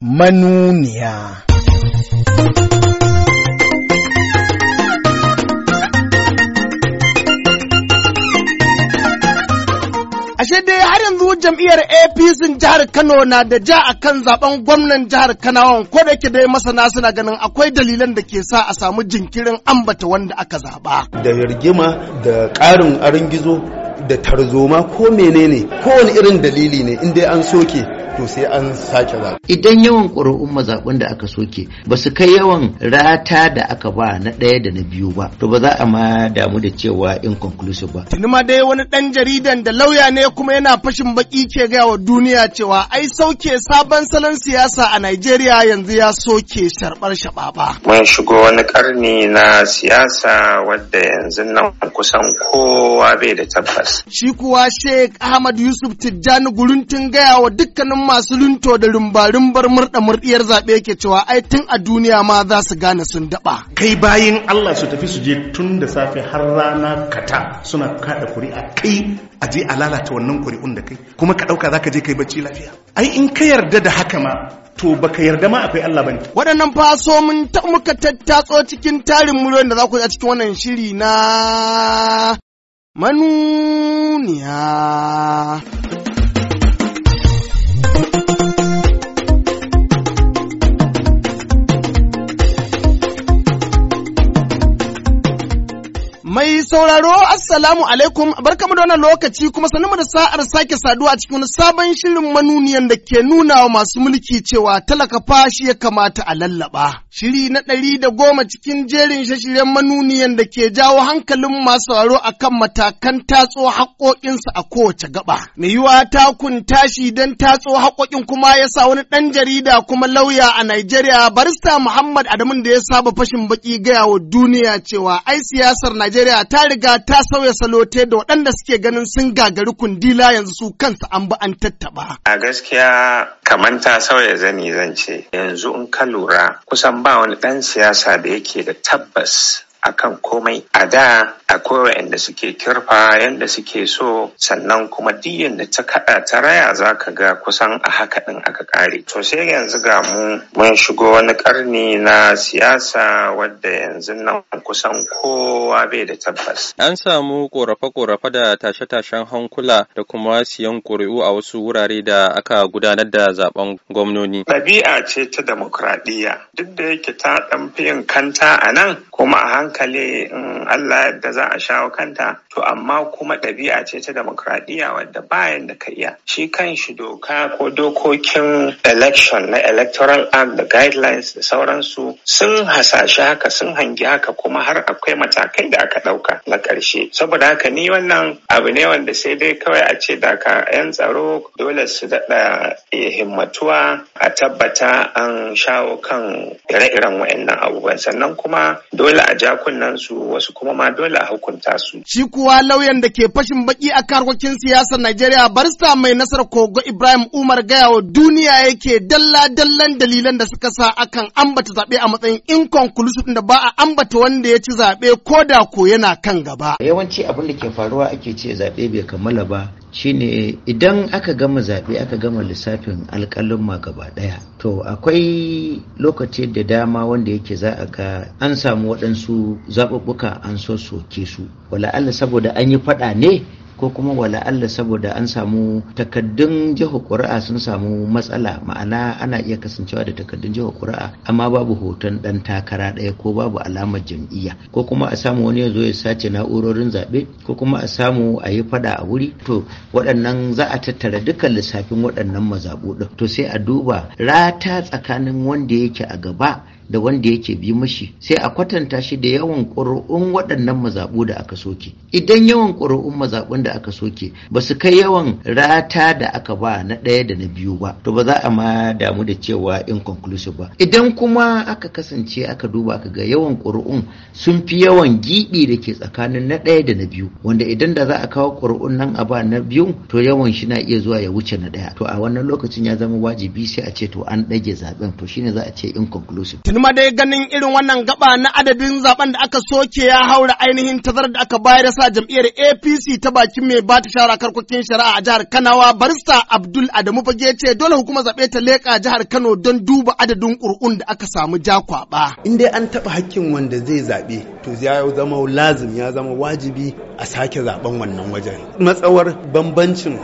manuniya. Ashe dai har yanzu jam'iyyar APC jihar Kano na da ja a kan zaben gwamnan jihar Kanawan ko da yake dai masana suna ganin akwai dalilan da ke sa a samu jinkirin ambata wanda aka zaba. Da rigima da ƙarin arin gizo da tarzoma ko menene kowane irin dalili ne in dai an soke to sai an sake zaɓe. Idan yawan ƙuri'un mazaɓin da aka soke ba su kai yawan rata da aka ba na ɗaya da na biyu ba to ba za a ma damu da cewa inconclusive ba. Tuni ma dai wani ɗan jaridan da lauya ne kuma yana fashin baƙi ke gaya wa duniya cewa ai sauke sabon salon siyasa a Najeriya yanzu ya soke sharɓar shaɓaɓa. Mun shigo wani ƙarni na siyasa wadda yanzu nan kusan kowa bai da tabbas. Shi kuwa Sheikh Ahmad Yusuf Tijjani Guruntun gaya wa dukkanin masu lunto da bar murɗa murɗiyar zaɓe ke cewa ai tun a duniya ma za su gane sun daɓa. Kai bayin Allah su tafi su je tun da safe har rana kata suna kaɗa kuri'a kai a je a lalata wannan kuri'un da kai kuma ka ɗauka za ka je kai bacci lafiya. Ai in ka yarda da haka ma to baka yarda ma akwai Allah bane. Waɗannan faso mun ta muka tattatso cikin tarin miliyoyin da za ku a cikin wannan shiri na manuniya. Mai sauraro Assalamu alaikum barkamu da wannan lokaci kuma sanin da sa'ar sake saduwa a cikin sabon shirin manuniyan da ke nuna wa masu mulki cewa talaka fashi ya kamata a lallaba. Shiri na ɗari da goma cikin jerin shashiren manuniyan da ke jawo hankalin masu a kan matakan tatso haƙoƙinsa a kowace gaba. Mai yiwa takun tashi don tatso haƙoƙin kuma ya sa wani ɗan jarida kuma lauya a Najeriya barista Muhammad Adamu da ya saba fashin baƙi gaya wa duniya cewa ai siyasar Najeriya Najeriya ta riga ta sauya salo ta da waɗanda suke ganin sun gagari kundila yanzu su kansu an bi an tattaba. A gaskiya kamar ta sauya zani zan ce yanzu in ka lura kusan ba wani ɗan siyasa da yake da tabbas akan komai a da akwai waɗanda suke kirfa yadda suke so sannan kuma diyan da ta kaɗa ta raya za ka ga kusan a haka ɗin aka ƙare to sai yanzu ga mu mun shigo wani ƙarni na siyasa wadda yanzu nan kusan kowa bai da tabbas an samu ƙorafe-ƙorafe da tashe-tashen hankula da kuma siyan ƙuri'u a wasu wurare da aka gudanar da zaben gwamnoni ɗabi'a ce ta demokradiyya duk da yake ta ɗan yin kanta a nan kuma a hankali hankali in Allah da za a shawo kanta to amma kuma ɗabi'a ce ta demokradiyya wadda bayan da ka iya shi kan shi doka ko dokokin election na electoral act da guidelines da sauransu sun hasashe haka sun hangi haka kuma har akwai matakai da aka ɗauka na ƙarshe saboda haka ni wannan abu ne wanda sai dai kawai a ce da ka 'yan tsaro dole su daɗa ya eh, himmatuwa a tabbata an shawo kan ire-iren wa'annan abubuwan sannan kuma dole a ja kunnen su wasu kuma ma dole a hukunta su. Shi kuwa lauyan da ke fashin baki a karkokin siyasar Najeriya barista mai nasar Kogo Ibrahim Umar gaya wa duniya yake dalla dallan dalilan da suka sa akan ambata zaɓe a matsayin inconclusive da ba a ambata wanda ya ci zaɓe ko da ko yana kan gaba. Yawanci abin da ke faruwa ake ce zaɓe bai kammala ba shine idan aka gama zaɓe aka gama lissafin alƙalin gaba ɗaya to akwai lokaci da dama wanda yake za a ga an samu waɗansu zaɓuɓɓuka an so soke su wala'alla saboda an yi faɗa ne ko kuma wala Allah saboda an samu takaddun jihar ƙuri'a sun samu matsala ma'ana ana iya kasancewa da takaddun jihar ƙuri'a amma babu hoton ɗan takara ɗaya ko babu alamar jam'iyya ko kuma a samu wani ya zo ya sace na'urorin zaɓe ko kuma a samu a yi fada a wuri to waɗannan za a tattara dukkan lissafin waɗannan mazaɓu to sai a duba rata tsakanin wanda yake a gaba da wanda yake bi mashi sai a kwatanta shi da yawan ƙuri'un waɗannan mazaɓu da aka soke idan yawan ƙuri'un mazaɓun da aka soke ba su kai yawan rata da aka ba na ɗaya da na biyu ba to ba za a ma damu da cewa inconclusive ba idan kuma aka kasance aka duba aka ga yawan ƙuri'un sun fi yawan giɓi da ke tsakanin na ɗaya da na biyu wanda idan da za a kawo ƙuri'un nan a ba na biyu to yawan shi na iya zuwa ya wuce na ɗaya to a wannan lokacin ya zama wajibi sai a ce to an ɗage zaɓen to shine za a ce inconclusive kuma dai ganin irin wannan gaba na adadin zaben da aka soke ya haura ainihin tazarar da aka bayar sa jam'iyyar APC ta bakin mai ba ta shara karkokin shari'a a jihar Kanawa barista Abdul Adamu Fage ce dole hukumar zaɓe ta leka jihar Kano don duba adadin ƙuri'un da aka samu jakwaba In dai an taɓa hakkin wanda zai zaɓe to ya zama lazim ya zama wajibi a sake zaben wannan wajen. Matsawar bambancin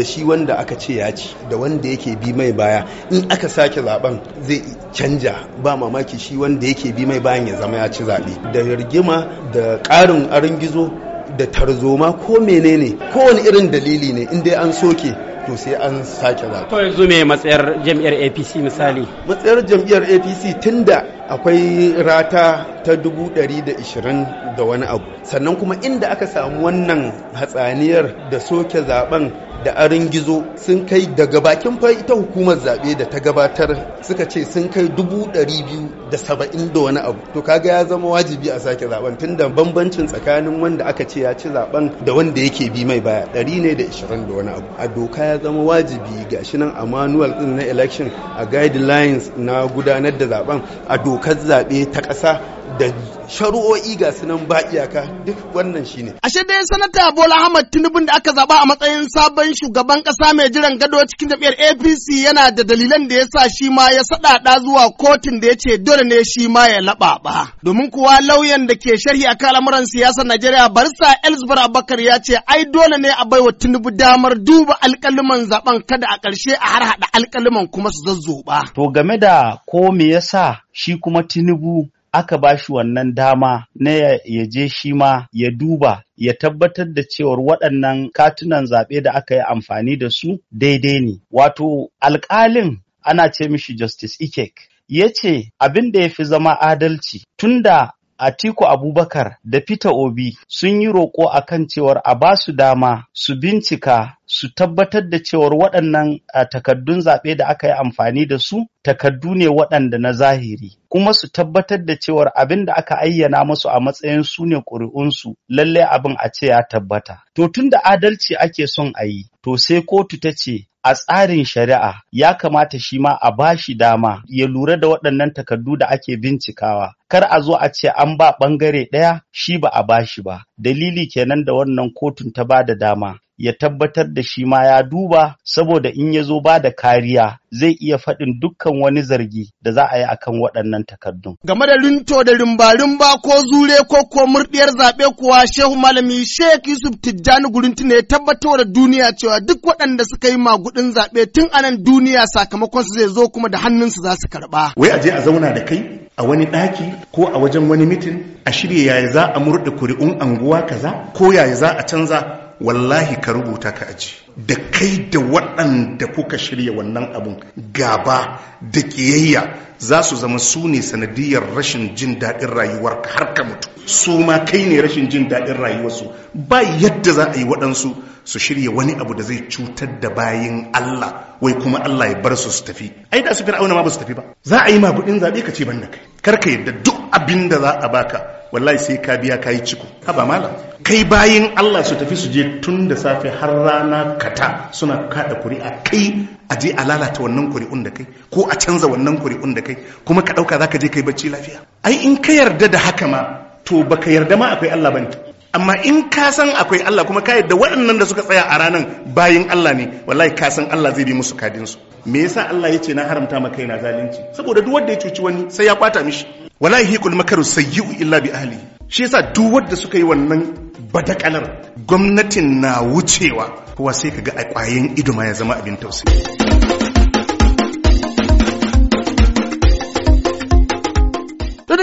da shi wanda aka ce ya ci da wanda yake bi mai baya in aka sake zaben zai canja ba mamaki shi wanda yake bi mai bayan ya zama ya ci zaɓe da rigima da ƙarin arin gizo da tarzoma ko menene kowane irin dalili ne in dai an soke to sai an sake zaɓe. To yanzu me matsayar jam'iyyar APC misali? Matsayar jam'iyyar APC tunda akwai rata ta 120 da wani abu sannan kuma inda aka samu wannan hatsaniyar da soke zaben da arin gizo sun kai daga bakin fa ita hukumar zaɓe da ta gabatar suka ce sun kai dubu ɗari biyu da saba'in da wani abu to kaga ya zama wajibi a sake zaben tunda bambancin tsakanin wanda aka ce ya ci zaben da wanda yake bi mai baya ɗari ne da ishirin da wani abu a doka ya zama wajibi gashi nan a manual ɗin na election a guidelines na gudanar da zaben a doka dokar zaɓe ta ƙasa da shari'o'i ga sunan ba iyaka duk wannan shine ashe dai sanata Bola Ahmad Tinubu da aka zaba a matsayin sabon shugaban kasa mai jiran gado cikin jam'iyyar APC yana da dalilan da yasa shi ma ya sadada zuwa kotun da yace dole ne shi ma ya laɓaɓa. domin kuwa lauyan da ke sharhi a al'amuran siyasar Najeriya Barsa Elsbar Abakar ya ce ai dole ne a baiwa Tinubu damar duba alƙaliman zaben kada a ƙarshe a harhaɗa alƙaliman kuma su zazzoba to game da ko me yasa shi kuma Tinubu aka ba shi wannan dama na ya je shi ma ya duba ya tabbatar da cewar waɗannan katunan zaɓe da aka yi amfani da su daidai ne. Wato alƙalin ana ce mishi Justice Ikek ya ce abin da ya fi zama adalci tunda Atiku Abubakar da Peter Obi sun yi roƙo a kan cewar a ba su dama su bincika su tabbatar da cewar waɗannan takardun zaɓe da aka yi amfani da su takardu ne waɗanda na zahiri kuma su tabbatar da cewar abin da aka ayyana musu a matsayin su ne ƙuri'unsu lallai abin a ce ya tabbata. To tun da adalci ake son a yi, to sai kotu ta ce a tsarin shari'a ya kamata shi ma a ba shi dama ya lura da waɗannan takardu da ake bincikawa kar a zo a ce an ba ɓangare ɗaya shi ba a ba shi ba dalili kenan da wannan kotun ta ba da dama ya tabbatar da shi ma ya duba saboda in ya zo ba da kariya zai iya faɗin dukkan wani zargi da za a yi akan waɗannan takardun. Game da linto da rimba-rimba ko zure ko ko murɗiyar zaɓe kuwa Shehu Malami Sheikh Yusuf Tijjani Gurinti ne tabbatar da duniya cewa duk waɗanda suka yi magudin zaɓe tun anan duniya sakamakon su zai zo kuma da hannunsu za su karɓa. Wai a je a zauna da kai a wani ɗaki ko a wajen wani mitin a shirya yaya za a murɗe kuri'un anguwa kaza ko yaya za a canza wallahi ka rubuta ka aji da kai da waɗanda kuka shirya wannan abun gaba da ƙiyayya za su zama su ne sanadiyar rashin jin daɗin rayuwar har ka mutu su ma kai ne rashin jin daɗin rayuwarsu ba yadda za a yi waɗansu su shirya wani abu da zai cutar da bayin Allah wai kuma Allah ya bar su su tafi ai da su fir'auna ma ba su tafi ba za a yi mabudin zaɓe ka ce ban da kai kar ka yadda duk abin da za a baka wallahi sai ka biya ka yi ciko haba malam kai bayan Allah su tafi su je tun da safe har rana kata suna kada kuri'a kai a je a lalata wannan kuri'un da kai ko a canza wannan kuri'un da kai kuma ka dauka zaka je kai bacci lafiya ai in ka yarda da haka ma to baka yarda ma akwai Allah bane amma in ka san akwai Allah kuma ka yarda waɗannan da suka tsaya a ranan bayan Allah ne wallahi ka san Allah zai bi musu kadin su me yasa Allah ya ce na haramta kai na zalunci saboda duk wanda ya cuci wani sai ya kwata mishi wallahi hikul makaru sayyi'u illa bi ahlihi shi yasa duk wanda suka yi wannan badakalar gwamnatin na wucewa kowa sai kaga a kwayan ido ma ya zama abin tausayi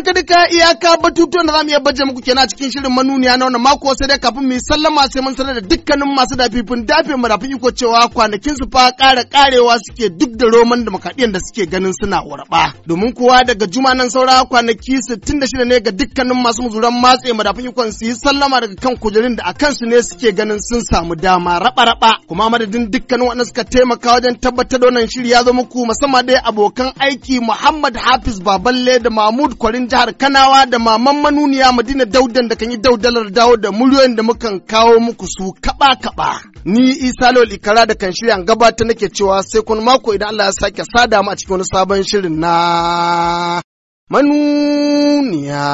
duka duka iyaka batutuwan da zamu iya baje muku kenan cikin shirin manuniya na wannan mako sai dai kafin mu yi sallama sai mun sanar da dukkanin masu dafifin dafe mu dafin iko cewa kwanakin su fa ƙara ƙarewa suke duk da roman demokradiyyar da suke ganin suna warba domin kuwa daga juma nan saura kwanaki 66 ne ga dukkanin masu muzuran matse mu dafin ikon su yi sallama daga kan kujerun da a kansu ne suke ganin sun samu dama raba-raba kuma madadin dukkanin waɗanda suka taimaka wajen tabbatar da wannan shiri ya zo muku musamman dai abokan aiki Muhammad Hafiz Baballe da Mahmud Kwarin jihar Kanawa da maman manuniya Madina Daudan da kan yi daudalar dawo da muryoyin da mukan kawo muku su kaba-kaba. Ni Isa Lawal Ikara da kan shirya gabata nake cewa sai kun mako idan Allah ya sake sada mu a cikin wani sabon shirin na manuniya.